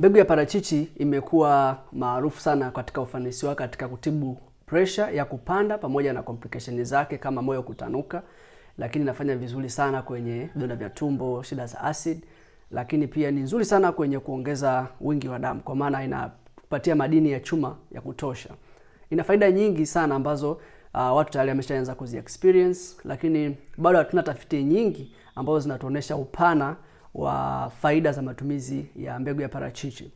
Mbegu ya parachichi imekuwa maarufu sana katika ufanisi wake katika kutibu pressure ya kupanda pamoja na complication zake kama moyo kutanuka, lakini inafanya vizuri sana kwenye vidonda vya tumbo, shida za acid, lakini pia ni nzuri sana kwenye kuongeza wingi wa damu kwa maana inapatia madini ya chuma ya kutosha. Ina faida nyingi sana ambazo uh, watu tayari wameshaanza kuzi experience, lakini bado hatuna tafiti nyingi ambazo zinatuonesha upana wa faida za matumizi ya mbegu ya parachichi.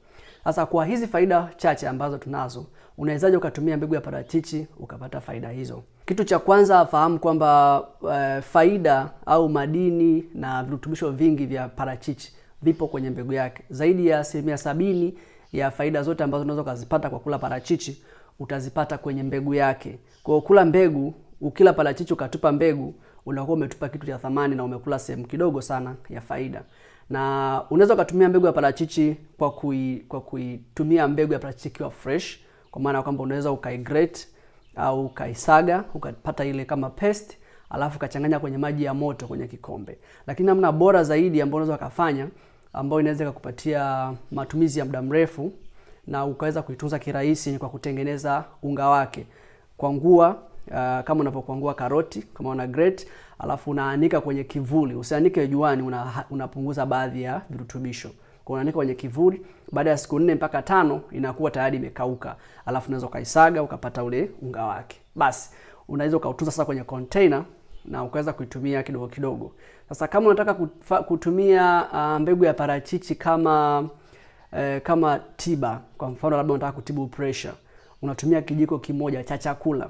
Sasa kwa hizi faida chache ambazo tunazo, unawezaje ukatumia mbegu ya parachichi ukapata faida hizo? Kitu cha kwanza afahamu kwamba e, faida au madini na virutubisho vingi vya parachichi vipo kwenye mbegu yake. Zaidi ya asilimia sabini ya faida zote ambazo unaweza ukazipata kwa kula parachichi utazipata kwenye mbegu yake. Kwa kula mbegu, ukila parachichi ukatupa mbegu, unakuwa umetupa kitu cha thamani na umekula sehemu kidogo sana ya faida na unaweza ukatumia mbegu ya parachichi kwa kui, kwa kuitumia mbegu ya parachichi ikiwa fresh, kwa maana kwamba unaweza ukaigrate au ukaisaga ukapata ile kama paste, alafu ukachanganya kwenye maji ya moto kwenye kikombe. Lakini namna bora zaidi ambayo unaweza ukafanya, ambayo inaweza kukupatia matumizi ya muda mrefu na ukaweza kuitunza kirahisi, kwa kutengeneza unga wake kwa ngua uh, kama unavyokuangua karoti kama una grate, alafu unaanika kwenye kivuli, usianike juani, unapunguza una, baadhi ya virutubisho. Kwa unaanika kwenye kivuli, baada ya siku nne mpaka tano inakuwa tayari imekauka, alafu unaweza ukaisaga ukapata ule unga wake. Basi unaweza ukautunza sasa kwenye container na ukaweza kuitumia kidogo kidogo. Sasa kama unataka kutumia uh, mbegu ya parachichi kama eh, kama tiba, kwa mfano labda unataka kutibu pressure, unatumia kijiko kimoja cha chakula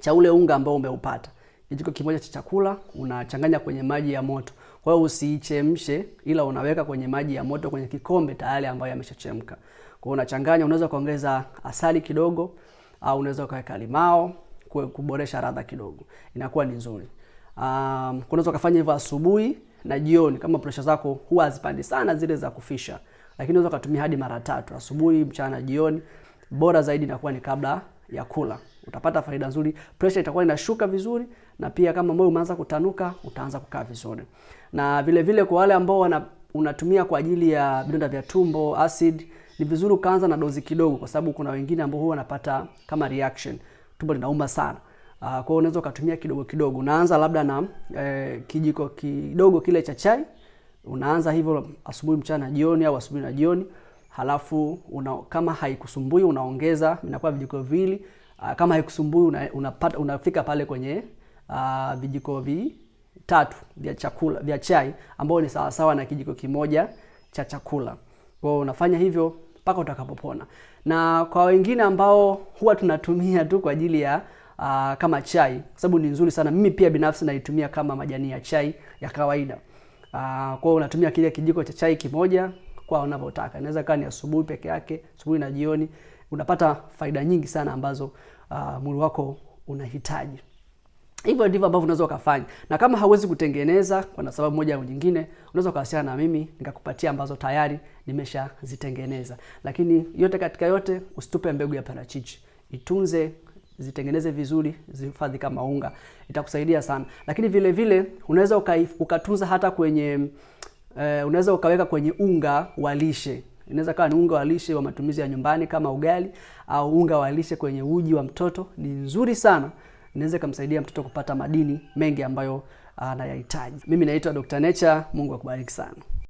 cha ule unga ambao umeupata. Kijiko kimoja cha chakula unachanganya kwenye maji ya moto. Kwa hiyo usiichemshe, ila unaweka kwenye maji ya moto kwenye kikombe tayari ambayo yameshachemka. Kwa hiyo unachanganya, unaweza kuongeza asali kidogo au unaweza ukaweka limao kuboresha radha kidogo. Inakuwa ni nzuri. Um, unaweza ukafanya hivyo asubuhi na jioni kama presha zako huwa hazipandi sana zile za kufisha. Lakini unaweza ukatumia hadi mara tatu asubuhi, mchana, jioni. Bora zaidi inakuwa ni kabla ya kula, utapata faida nzuri, pressure itakuwa inashuka vizuri, na pia kama moyo umeanza kutanuka utaanza kukaa vizuri. Na vile vile kwa wale ambao wana, unatumia kwa ajili ya vidonda vya tumbo acid, ni vizuri ukaanza na dozi kidogo, kwa sababu kuna wengine ambao huwa wanapata kama reaction, tumbo linauma sana. Uh, kwa unaweza ukatumia kidogo kidogo, unaanza labda na eh, kijiko kidogo kile cha chai, unaanza hivyo asubuhi, mchana, jioni au asubuhi na jioni halafu una, kama haikusumbui unaongeza, inakuwa vijiko viwili. uh, Kama haikusumbui unafika una, una pale kwenye uh, vijiko vitatu vya chakula vya chai ambayo ni sawasawa na kijiko kimoja cha chakula. Kwa unafanya hivyo mpaka utakapopona. Na kwa wengine ambao huwa tunatumia tu kwa ajili ya uh, kama chai, kwa sababu ni nzuri sana. Mimi pia binafsi naitumia kama majani ya chai ya kawaida. Uh, kwa unatumia kile kijiko cha chai kimoja kwa wanavyotaka. Inaweza kaa ni asubuhi peke yake, asubuhi na jioni. Unapata faida nyingi sana ambazo uh, mwili wako unahitaji. Hivyo ndivyo ambavyo unaweza ukafanya, na kama hauwezi kutengeneza kwa sababu moja au nyingine, unaweza ukawasiliana na mimi nikakupatia ambazo tayari nimeshazitengeneza. Lakini yote katika yote, usitupe mbegu ya parachichi, itunze zitengeneze vizuri, zihifadhi kama unga, itakusaidia sana. Lakini vile vile unaweza ukatunza hata kwenye eh, unaweza ukaweka kwenye unga wa lishe. Inaweza kawa ni unga wa lishe wa matumizi ya nyumbani kama ugali au unga wa lishe kwenye uji wa mtoto. Ni nzuri sana, inaweza kumsaidia mtoto kupata madini mengi ambayo anayahitaji. Mimi naitwa Dr. Nature. Mungu akubariki sana.